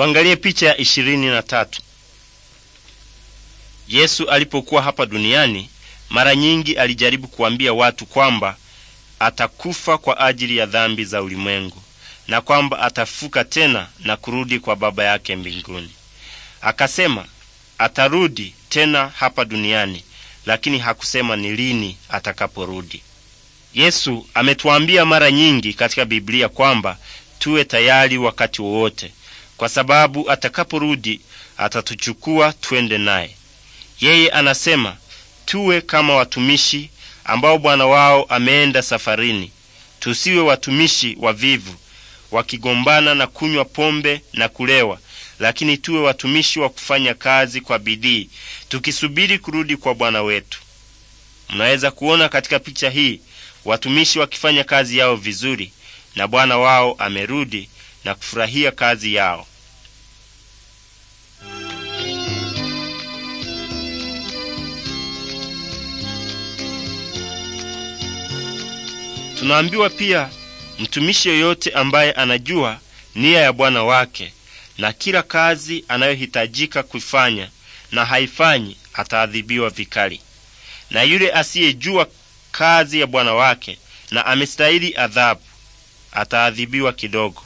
Tuangalie picha ya ishirini na tatu. Yesu alipokuwa hapa duniani mara nyingi alijaribu kuambia watu kwamba atakufa kwa ajili ya dhambi za ulimwengu na kwamba atafuka tena na kurudi kwa Baba yake mbinguni. Akasema atarudi tena hapa duniani, lakini hakusema ni lini atakaporudi. Yesu ametuambia mara nyingi katika Biblia kwamba tuwe tayari wakati wowote, kwa sababu atakaporudi atatuchukua twende naye. Yeye anasema tuwe kama watumishi ambao bwana wao ameenda safarini, tusiwe watumishi wavivu wakigombana na kunywa pombe na kulewa, lakini tuwe watumishi wa kufanya kazi kwa bidii, tukisubiri kurudi kwa bwana wetu. Mnaweza kuona katika picha hii watumishi wakifanya kazi yao vizuri, na bwana wao amerudi na kufurahia kazi yao. Tunaambiwa pia mtumishi yoyote ambaye anajua nia ya bwana wake na kila kazi anayohitajika kuifanya na haifanyi ataadhibiwa vikali. Na yule asiyejua kazi ya bwana wake na amestahili adhabu ataadhibiwa kidogo.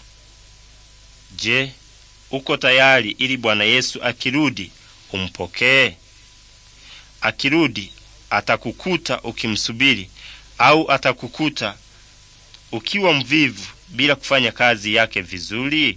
Je, uko tayari ili Bwana Yesu akirudi umpokee? Akirudi atakukuta ukimsubiri au atakukuta ukiwa mvivu bila kufanya kazi yake vizuri?